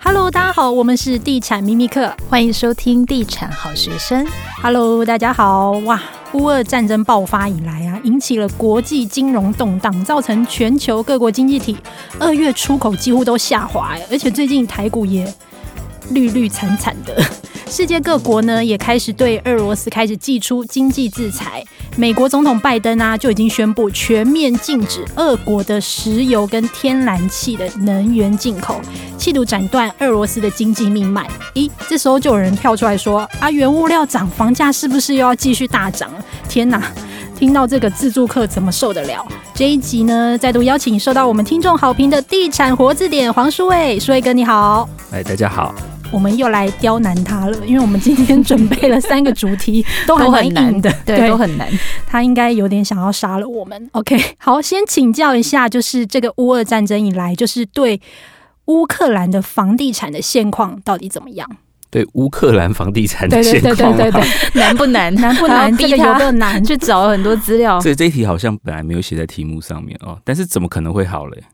Hello，大家好，我們是地產秘密客。歡迎收聽地產好學生。Hello，大家好，哇，烏俄戰爭爆發以來啊，引起了國際金融動盪，造成全球各國經濟體二月出口幾乎都下滑，而且最近台股也綠綠慘慘的。世界各國呢也開始對俄羅斯開始祭出經濟制裁。美國總統拜登啊就已經宣布全面禁止俄國的石油跟天然氣的能源進口，企圖斬斷俄羅斯的經濟命脈。咦，這時候就有人跳出來說：“啊，原物料漲，房價是不是又要繼續大漲？”天哪，聽到這個自助客怎麼受得了？這一集呢，再度邀請受到我們聽眾好評的地產活字典黃舒衛，舒衛哥你好。哎、欸，大家好。我們又來刁難他了，因為我們今天準備了三個主題， 都很難的，對，對都很難。他應該有點想要殺了我們。OK，好，先請教一下，就是這個烏俄戰爭以來，就是對烏克蘭的房地產的現況到底怎麼樣？對烏克蘭房地產的現況對對對對對，難不難？難不難？這個有沒難？去找了很多資料。所以這一題好像本來沒有寫在題目上面哦，但是怎麼可能會好嘞、欸？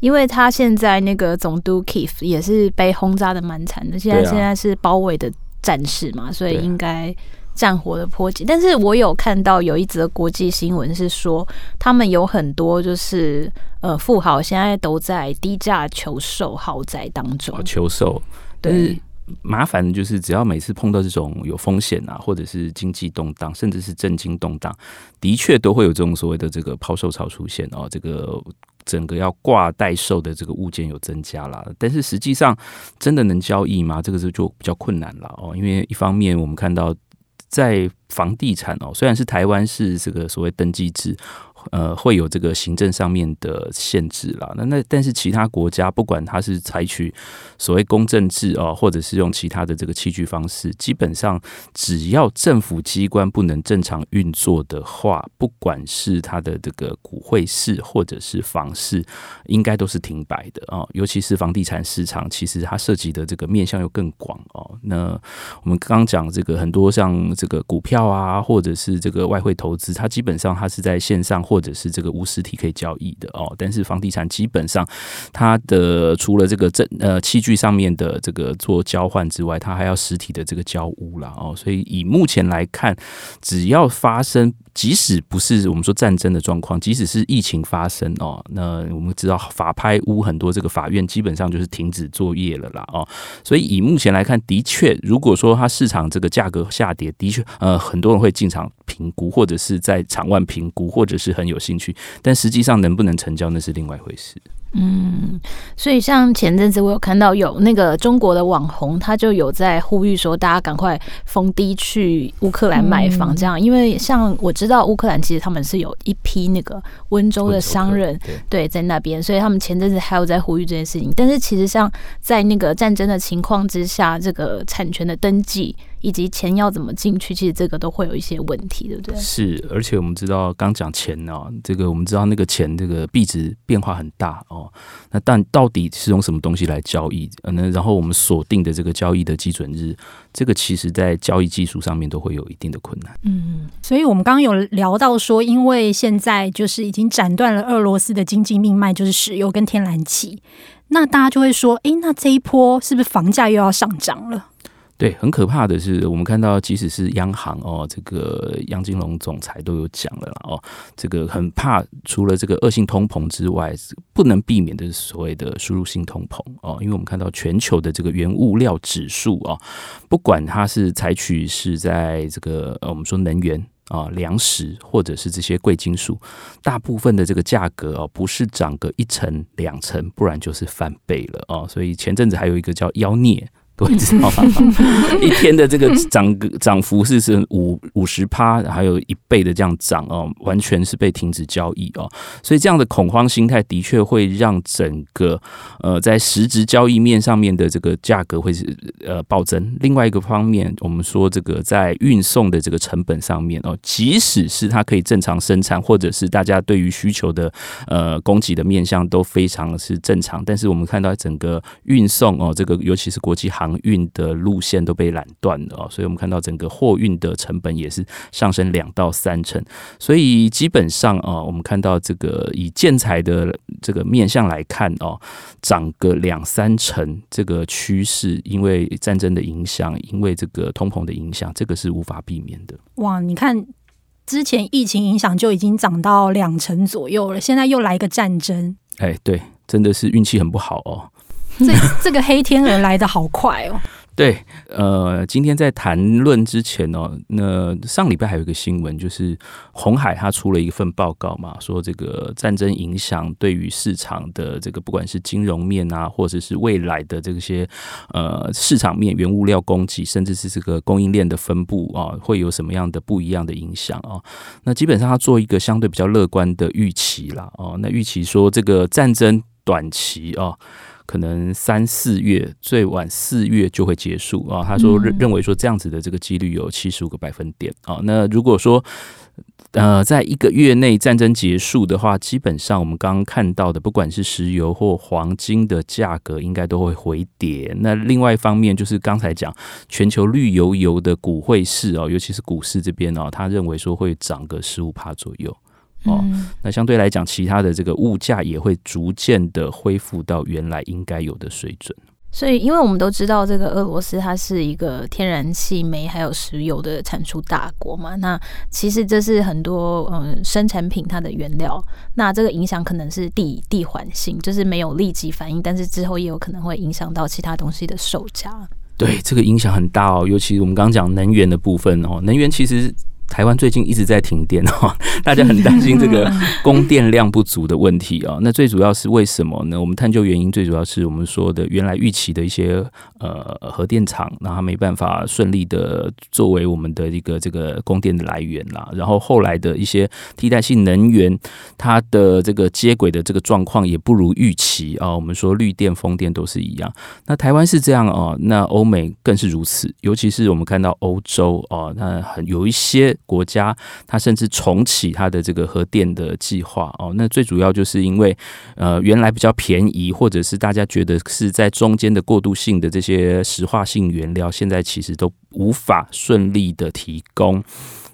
因為他現在那個總督 Keith 也是被轟炸的蠻慘的，現在現在是包圍的戰事嘛，啊、所以應該戰火的波及。啊、但是我有看到有一則國際新聞是說，他們有很多就是呃富豪現在都在低價求售豪宅當中、哦，求售。對，對，麻煩就是只要每次碰到這種有風險啊，或者是經濟動盪，甚至是政經動盪，的確都會有這種所謂的這個拋售潮出現哦，這個。整個要掛代售的這個物件有增加啦，但是實際上真的能交易嗎？這個就就比較困難了哦，因為一方面我們看到在房地產哦，雖然是台灣是這個所謂登記制。呃，會有這個行政上面的限制啦。那那但是其他國家，不管它是採取所謂公正制哦，或者是用其他的這個器具方式，基本上只要政府機關不能正常運作的話，不管是它的這個股匯市或者是房市，應該都是停擺的哦。尤其是房地產市場，其實它涉及的這個面向又更廣哦。那我們剛剛講這個很多像這個股票啊，或者是這個外匯投資，它基本上它是在線上。或者是這個無實體可以交易的哦、喔，但是房地產基本上它的除了這個證呃器具上面的這個做交換之外，它還要實體的這個交屋啦。哦。所以以目前來看，只要發生，即使不是我們說戰爭的狀況，即使是疫情發生哦、喔，那我們知道法拍屋很多，這個法院基本上就是停止作業了啦哦、喔。所以以目前來看，的確，如果說它市場這個價格下跌，的確呃很多人會進場評估，或者是在場外評估，或者是。很有興趣，但實際上能不能成交那是另外一回事。嗯，所以像前陣子我有看到有那個中國的網紅，他就有在呼籲說，大家趕快逢低去烏克蘭買房，這樣，嗯、因為像我知道烏克蘭其實他們是有一批那個溫州的商人，人對在那邊，所以他們前陣子還有在呼籲這件事情。但是其實像在那個戰爭的情況之下，這個產權的登記。以及錢要怎麼進去？其實這個都會有一些問題，對不對？是，而且我們知道，剛講錢呢、哦，這個我們知道那個錢，這個幣值變化很大哦。那但到底是用什麼東西來交易？嗯、呃，然後我們鎖定的這個交易的基準日，這個其實在交易技術上面都會有一定的困難。嗯，所以我們剛剛有聊到說，因為現在就是已經斬斷了俄羅斯的經濟命脈，就是石油跟天然氣。那大家就會說，哎、欸，那這一波是不是房價又要上漲了？對，很可怕的是，我們看到，即使是央行哦，這個楊金龍總裁都有講了啦哦，這個很怕，除了這個惡性通膨之外，不能避免的是所謂的輸入性通膨哦，因為我們看到全球的這個原物料指數哦，不管它是採取是在這個呃、哦，我們說能源啊、哦、糧食或者是這些貴金屬，大部分的這個價格哦，不是漲個一成兩成，不然就是翻倍了哦。所以前陣子還有一個叫妖孽。我知道， 一天的這個漲漲幅是是五五十趴，還有一倍的這樣漲哦，完全是被停止交易哦，所以這樣的恐慌心態的確會讓整個呃在實質交易面上面的這個價格會是呃暴增。另外一個方面，我們說這個在運送的這個成本上面哦，即使是它可以正常生產，或者是大家對於需求的呃供給的面向都非常是正常，但是我們看到整個運送哦，這個尤其是國際航航運的路線都被攔斷了啊、哦，所以我們看到整個貨運的成本也是上升兩到三成。所以基本上啊、哦，我們看到這個以建材的這個面向來看哦，漲個兩三成這個趨勢，因為戰爭的影響，因為這個通膨的影響，這個是無法避免的。哇，你看之前疫情影響就已經漲到兩成左右了，現在又來一個戰爭，哎、欸，對，真的是運氣很不好哦。這這個黑天鵝來的好快哦！ 對，呃，今天在談論之前哦，那上禮拜還有一個新聞，就是鴻海它出了一份報告嘛，說這個戰爭影響對於市場的這個不管是金融面啊，或者是未來的這些呃市場面、原物料供給，甚至是這個供應鏈的分布啊、哦，會有什麼樣的不一樣的影響啊、哦？那基本上他做一個相對比較樂觀的預期啦。哦。那預期說這個戰爭短期啊。哦可能三四月，最晚四月就會結束啊、哦。他說認認為說這樣子的這個幾率有七十五個百分點啊、哦。那如果說呃在一個月內戰爭結束的話，基本上我們剛剛看到的，不管是石油或黃金的價格，應該都會回跌。那另外一方面就是剛才講全球綠油油的股匯市哦，尤其是股市這邊哦，他認為說會漲個十五趴左右。哦，那相對來講，其他的這個物價也會逐漸的恢復到原來應該有的水準。所以，因為我們都知道，這個俄羅斯它是一個天然氣、煤還有石油的產出大國嘛。那其實這是很多嗯，生產品它的原料。那這個影響可能是地地緩性，就是沒有立即反應，但是之後也有可能會影響到其他東西的售價。對，這個影響很大哦，尤其是我們剛剛講能源的部分哦，能源其實。台灣最近一直在停電哦，大家很擔心這個供電量不足的問題啊。 那最主要是為什麼呢？我們探究原因，最主要是我們說的原來預期的一些呃核電廠，那它沒辦法順利的作為我們的一個這個供電的來源啦。然後後來的一些替代性能源，它的這個接軌的這個狀況也不如預期啊。我們說綠電、風電都是一樣。那台灣是這樣哦，那歐美更是如此，尤其是我們看到歐洲啊，那很有一些。國家它甚至重啟它的這個核電的計劃哦，那最主要就是因為，呃，原來比較便宜，或者是大家覺得是在中間的過渡性的這些石化性原料，現在其實都無法順利的提供。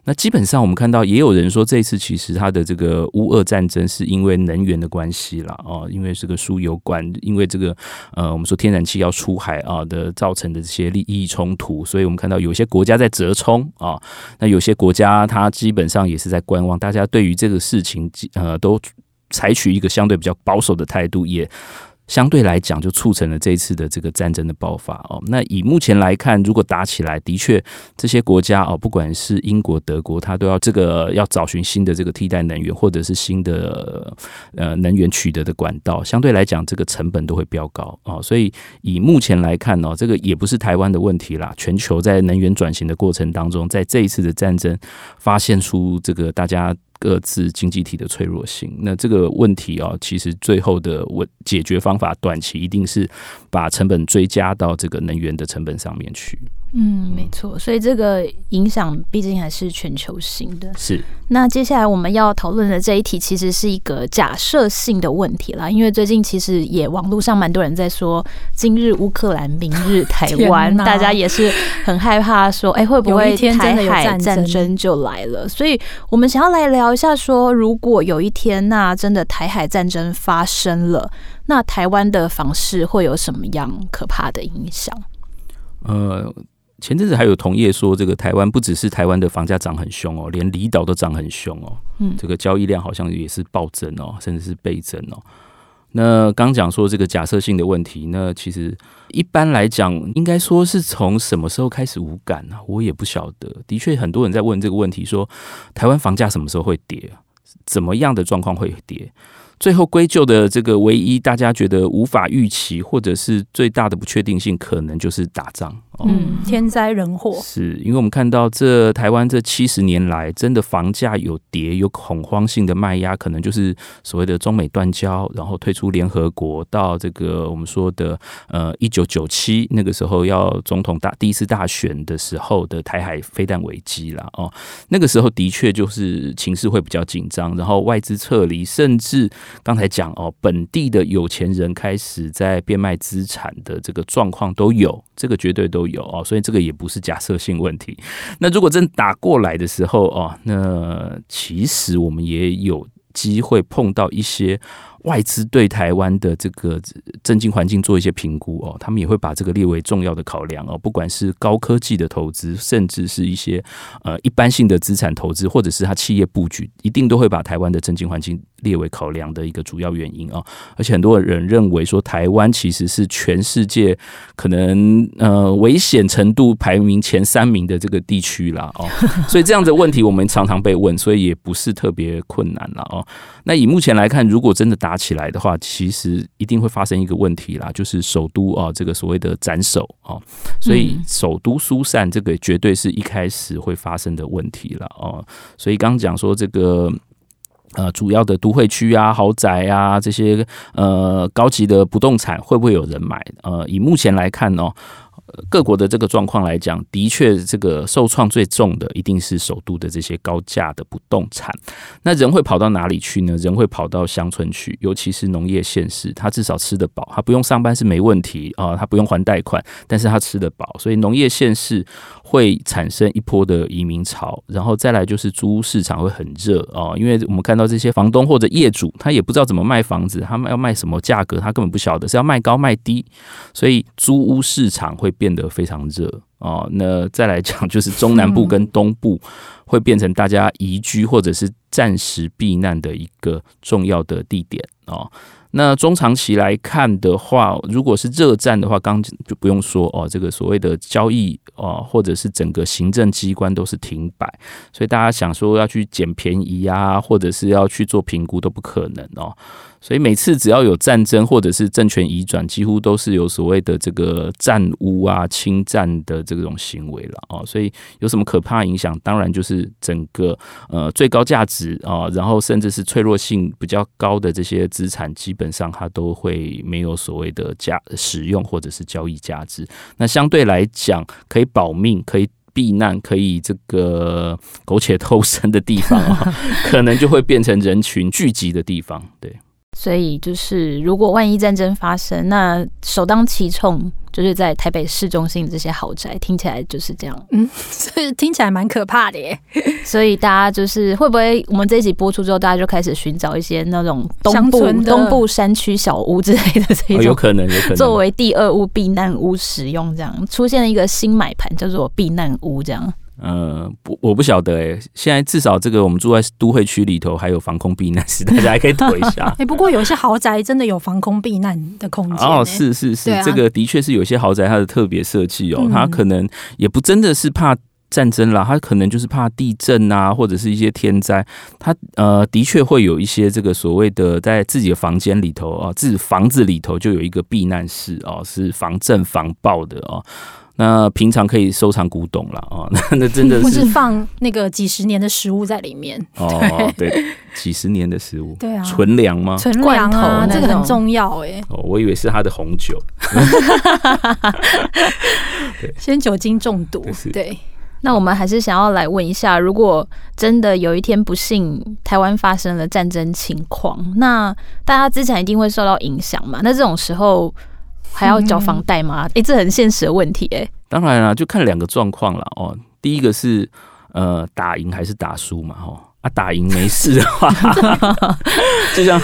那基本上，我們看到也有人說，這一次其實他的這個烏俄戰爭是因為能源的關係啦。哦，因為是個輸油管，因為這個呃，我們說天然氣要出海啊的造成的這些利益衝突，所以我們看到有些國家在折衝啊，那有些國家它基本上也是在觀望，大家對於這個事情呃都採取一個相對比較保守的態度，也。相對來講，就促成了這一次的這個戰爭的爆發哦。那以目前來看，如果打起來，的確這些國家哦，不管是英國、德國，它都要這個要找尋新的這個替代能源，或者是新的呃能源取得的管道。相對來講，這個成本都會飆高哦。所以以目前來看呢，這個也不是台灣的問題啦。全球在能源轉型的過程當中，在這一次的戰爭，發現出這個大家。各自經濟體的脆弱性，那這個問題哦，其實最後的問解決方法，短期一定是把成本追加到這個能源的成本上面去。嗯，沒錯，所以這個影響畢竟還是全球性的。是，那接下來我們要討論的這一題，其實是一個假設性的問題啦。因為最近其實也網絡上蠻多人在說“今日烏克蘭，明日台灣”，天哪 大家也是很害怕說：“哎、 欸，會不會台海戰爭就來了？”所以我們想要來聊一下說，說如果有一天那真的台海戰爭發生了，那台灣的房市會有什麼樣可怕的影響？呃。前陣子還有同業說，這個台灣不只是台灣的房價漲很凶哦，連離島都漲很凶哦。嗯，這個交易量好像也是暴增哦，甚至是倍增哦。那剛講說這個假設性的問題，那其實一般來講，應該說是從什麼時候開始無感呢、啊？我也不曉得。的確，很多人在問這個問題說，說台灣房價什麼時候會跌？怎麼樣的狀況會跌？最後歸咎的這個唯一大家覺得無法預期，或者是最大的不確定性，可能就是打仗哦。嗯，天災人禍。是因為我們看到這台灣這七十年來，真的房價有跌，有恐慌性的賣壓，可能就是所謂的中美斷交，然後退出聯合國，到這個我們說的呃一九九七那個時候要總統大第一次大選的時候的台海飛彈危機了哦，那個時候的確就是情勢會比較緊張，然後外資撤離，甚至。剛才講哦，本地的有錢人開始在變賣資產的這個狀況都有，這個絕對都有哦，所以這個也不是假設性問題。那如果真打過來的時候哦，那其實我們也有機會碰到一些。外資對台灣的這個政經環境做一些評估哦，他們也會把這個列為重要的考量哦。不管是高科技的投資，甚至是一些呃一般性的資產投資，或者是他企業布局，一定都會把台灣的政經環境列為考量的一個主要原因哦，而且很多人認為說，台灣其實是全世界可能呃危險程度排名前三名的這個地區啦哦。所以這樣的問題我們常常被問，所以也不是特別困難了哦。那以目前來看，如果真的達起來的話，其實一定會發生一個問題啦，就是首都啊、哦，這個所謂的斬首啊、哦，所以首都疏散這個絕對是一開始會發生的問題了哦。所以剛剛講說這個呃主要的都會區啊、豪宅啊這些呃高級的不動產，會不會有人買？呃，以目前來看呢、哦。各國的這個狀況來講，的確，這個受創最重的一定是首都的這些高價的不動產。那人會跑到哪裡去呢？人會跑到鄉村去，尤其是農業縣市，他至少吃得飽，他不用上班是沒問題啊、呃，他不用還貸款，但是他吃得飽，所以農業縣市會產生一波的移民潮。然後再來就是租屋市場會很熱啊、呃，因為我們看到這些房東或者業主，他也不知道怎麼賣房子，他們要賣什麼價格，他根本不曉得是要賣高賣低，所以租屋市場會變得非常熱啊、哦！那再來講，就是中南部跟東部會變成大家移居或者是暫時避難的一個重要的地點啊。哦。那中長期來看的話，如果是熱戰的話，剛就不用說哦，這個所謂的交易哦，或者是整個行政機關都是停擺，所以大家想說要去撿便宜啊，或者是要去做評估都不可能哦。所以每次只要有戰爭或者是政權移轉，幾乎都是有所謂的這個佔屋啊、侵佔的這種行為了哦。所以有什麼可怕影響？當然就是整個呃最高價值啊、哦，然後甚至是脆弱性比較高的這些資產基本。基本上它都會沒有所謂的價使用或者是交易價值，那相對來講可以保命、可以避難、可以這個苟且偷生的地方，啊， 可能就會變成人群聚集的地方。對。所以就是，如果萬一戰爭發生，那首當其衝就是在台北市中心的這些豪宅，聽起來就是這樣。嗯，所以聽起來蠻可怕的耶。所以大家就是會不會，我們這一集播出之後，大家就開始尋找一些那種東部東部山區小屋之類的這種，哦，有可能，有可能作為第二屋避難屋使用，這樣出現了一個新買盤，叫做避難屋，這樣。呃、嗯，我我不曉得哎、欸，現在至少這個我們住在都會區裡頭，還有防空避難室，大家還可以躲一下。哎， 不過有些豪宅真的有防空避難的空間、欸。哦，是是是，啊、這個的確是有些豪宅它的特別設計哦，它可能也不真的是怕戰爭啦，它可能就是怕地震啊，或者是一些天災，它呃的確會有一些這個所謂的在自己的房間裡頭啊，自己房子裡頭就有一個避難室哦，是防震防爆的哦。那平常可以收藏古董了啊，那、哦、那真的是不是放那個幾十年的食物在裡面？哦，哦，哦，對，幾十年的食物，對，啊，純糧嗎？純罐頭啊，罐頭這個很重要哎、欸。哦，我以為是他的紅酒， 先酒精中毒。對，就是、對，那我們還是想要來問一下，如果真的有一天不幸台灣發生了戰爭情況，那大家資產一定會受到影響嘛？那這種時候，還要繳房貸嗎？哎、欸，這很現實的問題哎、欸。當然啦、啊，就看兩個狀況了哦。第一個是呃，打贏還是打輸嘛？哦，啊，打贏沒事的話， 就像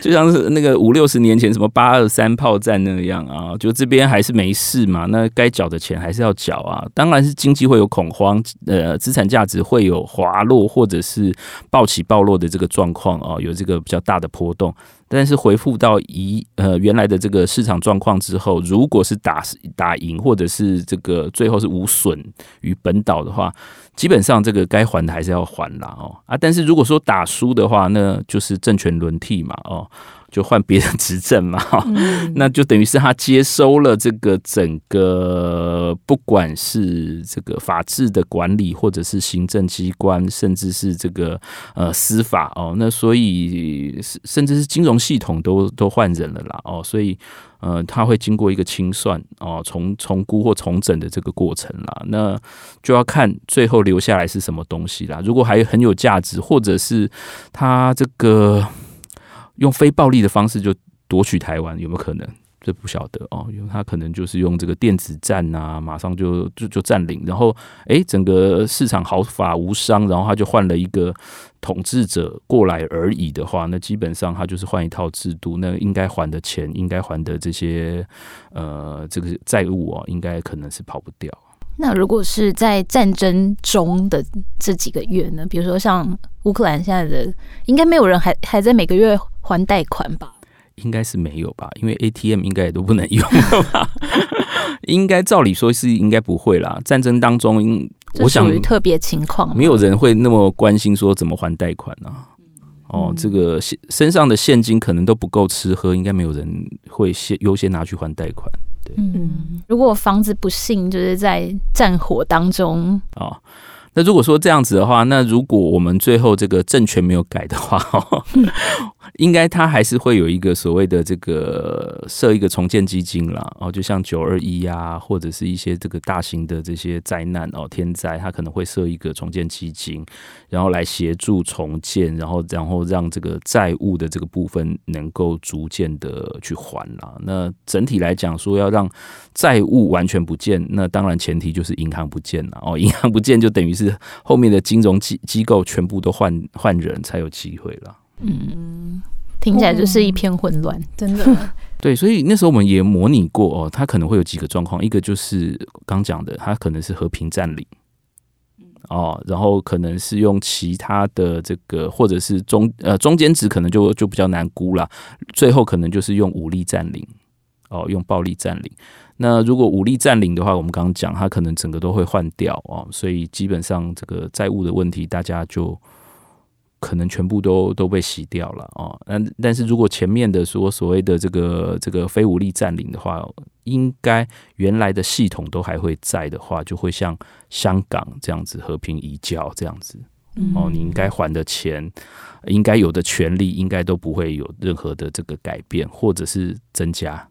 就像是那個五六十年前什麼八二三炮戰那樣啊，就這邊還是沒事嘛。那該繳的錢還是要繳啊。當然是經濟會有恐慌，呃，資產價值會有滑落，或者是暴起暴落的這個狀況啊，有這個比較大的波動。但是回復到一呃原來的這個市場狀況之後，如果是打打贏或者是這個最後是無損於本島的話，基本上這個該還的還是要還啦，哦啊。但是如果說打輸的話，那就是政權輪替嘛哦。就換別人執政嘛、喔，那就等於是他接收了這個整個，不管是這個法治的管理，或者是行政機關，甚至是這個呃司法哦、喔，那所以甚至是金融系統都都換人了啦哦、喔，所以呃他會經過一個清算哦，重重估或重整的這個過程啦，那就要看最後留下來是什麼東西啦。如果還很有價值，或者是他這個。用非暴力的方式就奪取台灣有沒有可能？這不曉得哦，因為他可能就是用這個電子戰啊，馬上就就就佔領，然後哎，整個市場毫髮無傷，然後他就換了一個統治者過來而已的話，那基本上他就是換一套制度，那應該還的錢，應該還的這些呃這個債務哦，應該可能是跑不掉。那如果是在戰爭中的這幾個月呢？比如說像烏克蘭現在的，應該沒有人還還在每個月還貸款吧？應該是沒有吧，因為 ATM 應該也都不能用了吧？ 應該照理說是應該不會啦。戰爭當中，我想特別情況，沒有人會那麼關心說怎麼還貸款呢？啊。嗯、哦，這個現身上的現金可能都不夠吃喝，應該沒有人會先優先拿去還貸款。對嗯，如果房子不幸就是在戰火當中。哦那如果說這樣子的話，那如果我們最後這個政權沒有改的話，哦，應該它還是會有一個所謂的這個設一個重建基金啦，哦，就像九二一啊，或者是一些這個大型的這些災難哦，天災，它可能會設一個重建基金，然後來協助重建，然後然後讓這個債務的這個部分能夠逐漸的去還了。那整體來講，說要讓債務完全不見，那當然前提就是銀行不見了哦，銀行不見就等於是。後面的金融機機構全部都換換人才有機會了。嗯，聽起來就是一片混亂，哦，真的。 對，所以那時候我們也模擬過哦，它可能會有幾個狀況，一個就是剛講的，它可能是和平占領，哦，然後可能是用其他的這個，或者是中呃中間值，可能就就比較難估了。最後可能就是用武力占領，哦，用暴力占領。那如果武力佔領的話，我們剛剛講，它可能整個都會換掉哦。所以基本上這個債務的問題，大家就可能全部都都被洗掉了啊。那但是如果前面的說所謂的這個這個非武力佔領的話，應該原來的系統都還會在的話，就會像香港這樣子和平移交這樣子哦，你應該還的錢，應該有的權利，應該都不會有任何的這個改變或者是增加。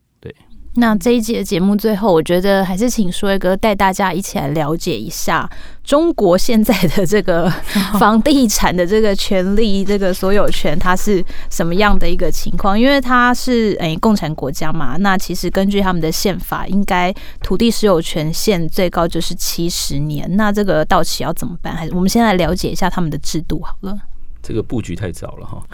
那這一集的節目最後，我覺得還是請舒衛哥帶大家一起來了解一下中國現在的這個房地產的這個權利、這個所有權它是什麼樣的一個情況？因為它是哎、欸、共產國家嘛，那其實根據他們的憲法，應該土地使用權限最高就是七十年，那這個到期要怎麼辦？還是我們先來了解一下他們的制度好了。這個布局太早了哈，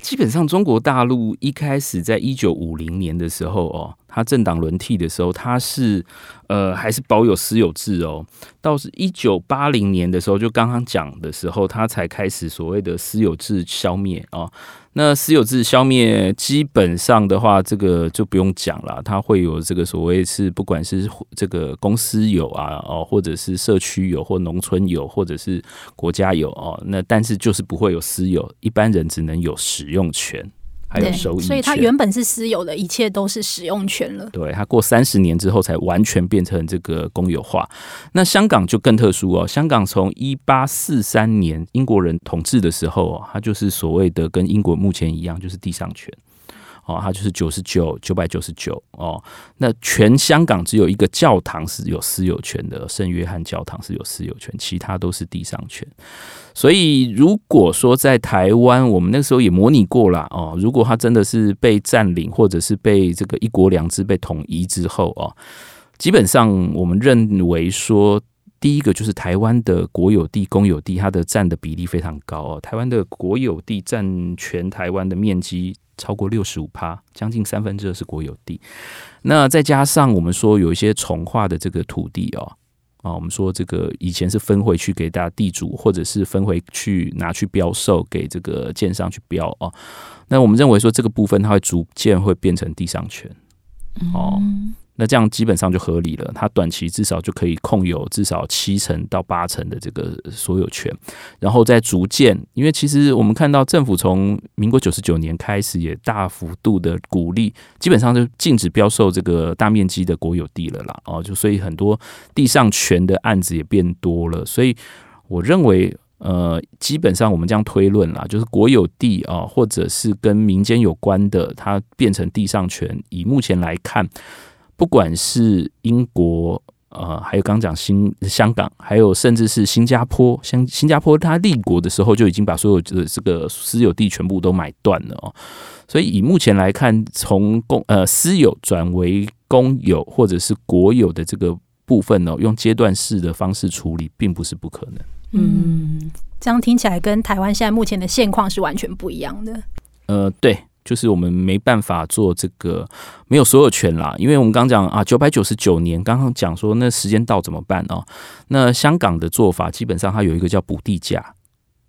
基本上中國大陸一開始在一九五零年的時候哦。他政黨輪替的時候，他是呃還是保有私有制哦。到是一九八零年的時候，就剛剛講的時候，他才開始所謂的私有制消滅哦。那私有制消滅，基本上的話，這個就不用講了。他會有這個所謂是，不管是這個公司有啊，哦，或者是社區有，或農村有，或者是國家有哦。那但是就是不會有私有，一般人只能有使用權。對，所以它原本是私有的，一切都是使用權了。對，它過三十年之後才完全變成這個公有化。那香港就更特殊哦，香港從一八四三年英國人統治的時候哦，它就是所謂的跟英國目前一樣，就是地上權。哦，它就是九十九九百九十九哦。那全香港只有一個教堂是有私有權的，聖約翰教堂是有私有權，其他都是地上權。所以如果說在台灣，我們那個時候也模擬過啦哦，如果它真的是被佔領，或者是被這個一國兩制被統一之後哦，基本上我們認為說。第一個就是台灣的國有地、公有地，它的占的比例非常高哦，台灣的國有地占全台灣的面積超過六十五趴，將近三分之二是國有地。那再加上我們說有一些重劃的這個土地哦，啊、哦，我們說這個以前是分回去給大家地主，或者是分回去拿去標售給這個建商去標哦，那我們認為說這個部分它會逐漸會變成地上權，哦。嗯那這樣基本上就合理了，它短期至少就可以控有至少七成到八成的這個所有權，然後再逐漸，因為其實我們看到政府從民國九十九年開始也大幅度的鼓勵，基本上就禁止標售這個大面積的國有地了啦，哦，就所以很多地上權的案子也變多了，所以我認為，呃，基本上我們這樣推論啦，就是國有地啊，哦，或者是跟民間有關的，它變成地上權，以目前來看。不管是英國，呃，還有剛講新香港，還有甚至是新加坡，像新加坡，它立國的時候就已經把所有的這個私有地全部都買斷了哦。所以以目前來看，從公呃私有轉為公有或者是國有的這個部分呢，哦，用階段式的方式處理，並不是不可能。嗯，這樣聽起來跟台灣現在目前的現況是完全不一樣的。呃，對。就是我們沒辦法做這個沒有所有權啦，因為我們剛講啊，九百九十九年，剛剛講說那時間到怎麼辦哦？那香港的做法基本上它有一個叫補地價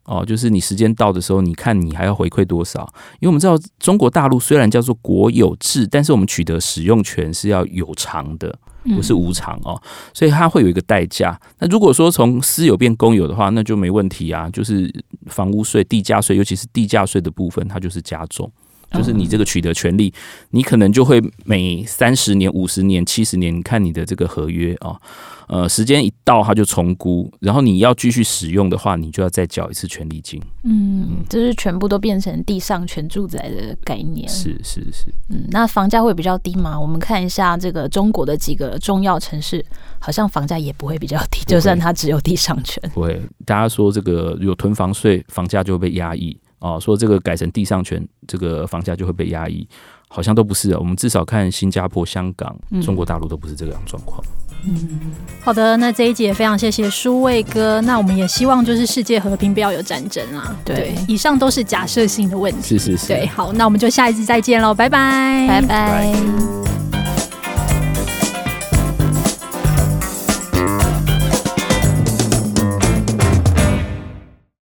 哦，就是你時間到的時候，你看你還要回饋多少？因為我們知道中國大陸雖然叫做國有制，但是我們取得使用權是要有償的，不是無償哦，所以它會有一個代價。那如果說從私有變公有的話，那就沒問題啊，就是房屋稅、地價稅，尤其是地價稅的部分，它就是加重。就是你這個取得權利，嗯、你可能就會每三十年、五十年、七十年，你看你的這個合約啊，呃，時間一到它就重估，然後你要繼續使用的話，你就要再繳一次權利金。嗯，這、嗯、是全部都變成地上權住宅的概念。是是是。是是嗯，那房價會比較低嗎？嗯、我們看一下這個中國的幾個重要城市，好像房價也不會比較低。會就算它只有地上權，不會，不會大家說這個有囤房稅，房價就會被壓抑。哦，說這個改成地上權，這個房價就會被壓抑，好像都不是啊。我們至少看新加坡、香港、中國大陸都不是這樣狀況。嗯，好的，那這一集也非常謝謝舒衛哥，那我們也希望就是世界和平，不要有戰爭啊。對，對，以上都是假設性的問題。是是是。好，那我們就下一次再見嘍，拜拜，拜拜。